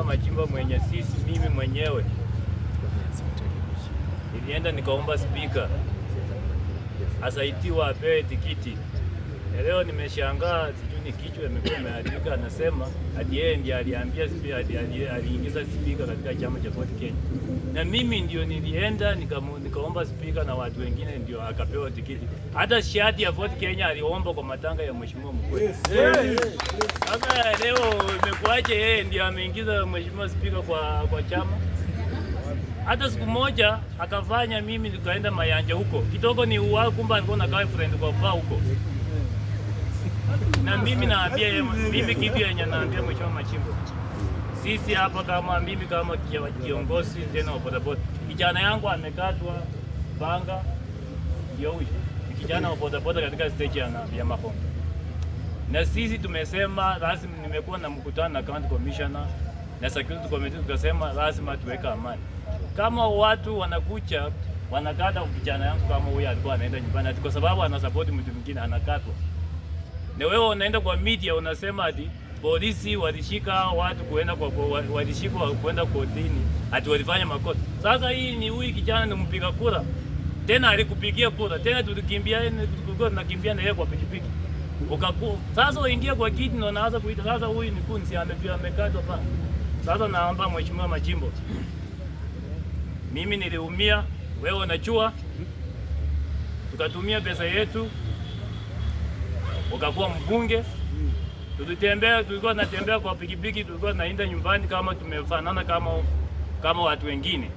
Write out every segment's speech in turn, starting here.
kununua majimbo mwenye sisi, mimi mwenyewe nilienda nikaomba spika asaitiwa apewe tikiti. Leo nimeshangaa, sijui ni kichwa imekuwa imeharibika. Anasema hadi yeye ndiye aliambia aliingiza spika katika chama cha Ford Kenya, na mimi ndio nilienda nikaomba spika na watu wengine ndio akapewa tikiti. Hata shati ya Ford Kenya aliomba kwa matanga ya mheshimiwa mkuu ukiache yeye ndio ameingiza mheshimiwa spika kwa, kwa chama. Hata siku moja akafanya mimi nikaenda Mayanja huko kitoko ni uwa, kumba alikuwa na girlfriend kwa vaa huko, na mimi naambia mimi kitu yenye naambia mheshimiwa Machimbo, sisi hapa kama mimi kama kiongozi tena wa bodaboda, kijana yangu amekatwa banga, ndio huyu kijana wa bodaboda katika stage ya Makonde na sisi tumesema lazima, nimekuwa na mkutano na county commissioner na security committee, tukasema lazima tuweke amani. Kama watu wanakucha wanakata kijana yangu kama huyu alikuwa anaenda nyumbani ati kwa sababu ana support mtu mwingine anakatwa, na wewe unaenda kwa media unasema ati polisi walishika watu kuenda kwa walishika kuenda kotini ati walifanya makosa. Sasa hii ni huyu kijana ni mpiga kura tena, alikupigia kura tena, tulikimbia tunakimbia na yeye kwa pikipiki ukaku sasa uingie kwa kiti na unaanza kuita sasa, huyu ni kunzi amejua amekatwa pa. Sasa naomba mheshimiwa Majimbo, mimi niliumia, wewe unachua, tukatumia pesa yetu, ukakuwa mbunge, tulitembea, tulikuwa natembea kwa pikipiki, tulikuwa tunaenda nyumbani kama tumefanana kama kama watu wengine,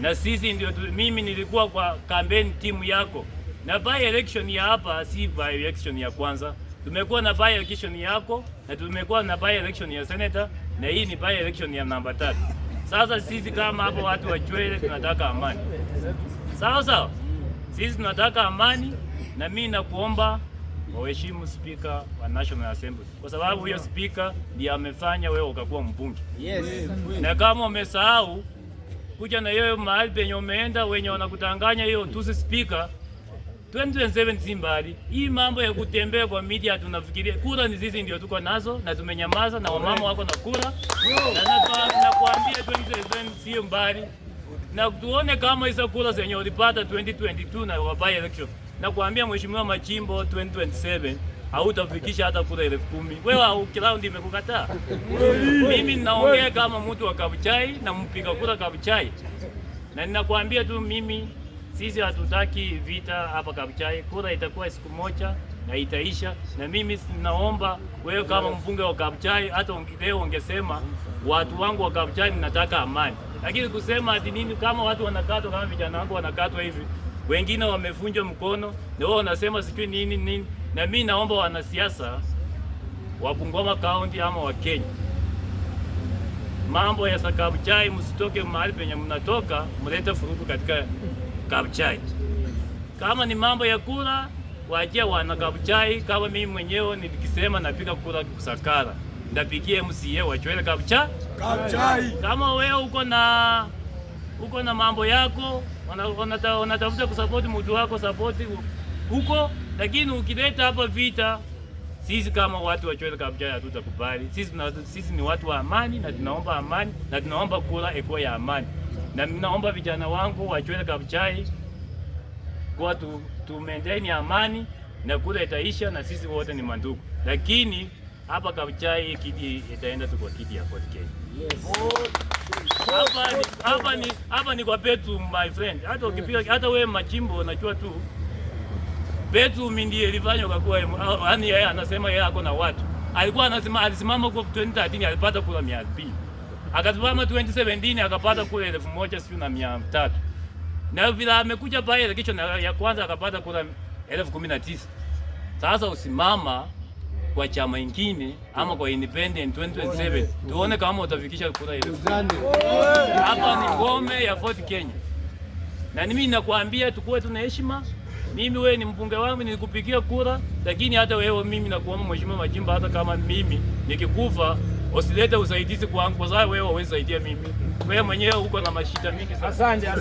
na sisi ndio mimi nilikuwa kwa kampeni timu yako na by election ya hapa si by election ya kwanza. Tumekuwa na by election yako na tumekuwa na by election ya senator na hii ni by election ya namba tatu. Sasa sisi kama hapo watu wa Chwele tunataka amani, sawa sawa. Sisi tunataka amani, na mimi nakuomba waheshimu spika wa National Assembly kwa sababu huyo spika ndiye amefanya wewe ukakuwa mbunge yes. Na kama umesahau kuja na yeye mahali penye umeenda wenye wanakutanganya hiyo tusi spika 2027 si mbali. Hii mambo ya kutembea kwa media tunafikiria kura ni zizi ndio tuko nazo na tumenyamaza na wamama wako na kura. Na nakwambia 2027 si mbali. Na tuone kama hizo kura zenye ulipata 2022 na wabaya election. Nakwambia Mheshimiwa Machimbo 2027 hautafikisha hata kura elfu kumi. Wewe kiraundi imekukataa. Mimi naongea kama mtu wa Kabuchai na mpiga kura Kabuchai. Na ninakwambia tu mimi sisi hatutaki vita hapa Kabuchai. Kura itakuwa siku moja na itaisha, na mimi naomba wewe kama mbunge wa Kabuchai, hata leo ungesema watu wangu wa Kabuchai, ninataka amani, lakini kusema ati nini kama watu wanakatwa, kama vijana wangu wanakatwa hivi, wengine wamevunjwa mkono na wao wanasema sijui nini nini. Na mimi naomba wanasiasa wa Bungoma County ama wa Kenya, mambo ya Kabuchai, msitoke mahali penye mnatoka mlete furugu katika kabuchai. Kama ni mambo ya kula, wajia wana kabuchai. Kama mimi mwenyewe nikisema napika kula kusakara, ndapikie MCA wachwele kabucha kabuchai. Kama wewe uko na uko na mambo yako, unatafuta onata, kusapoti mtu wako, sapoti huko, lakini ukileta hapa vita sisi kama watu wa Chwele Kabuchai hatutakubali. Sisi, sisi ni watu wa amani na tunaomba amani na tunaomba kula ekuwa ya amani na ninaomba vijana wangu wajiunge Kabuchai kwa tu, tu maintain amani na kula itaisha, na sisi wote ni mandugu, lakini hapa Kabuchai kidi itaenda tu kwa kidi ya Fort Kenya. Yes. Hapa ni, hapa ni, hapa ni kwa petu my friend. Hata ukipiga hata wewe machimbo unajua tu petu ndiye ilifanywa kwa kuwa yani, yeye anasema yeye ako na watu. Alikuwa anasema alisimama kwa 2013 alipata kula 200. Akasimama 2017 akapata kura elfu moja sijui na mia tatu. Na vile amekuja pale election ya kwanza akapata kura elfu kumi na tisa. Sasa usimama kwa chama ingine ama kwa independent 2027 tuone kama utafikisha kura ile. Hapa ni ngome ya Fort Kenya. Na mimi nakwambia tukue tuna heshima. Mimi wewe ni mbunge wangu, nilikupigia kura, lakini hata wewe mimi nakuomba mheshimiwa Majimba, hata kama mimi nikikufa usilete usaidizi kwangu kwa sababu wewe huwezi saidia mimi. Wewe mwenyewe uko na mashida mingi sana. Asante.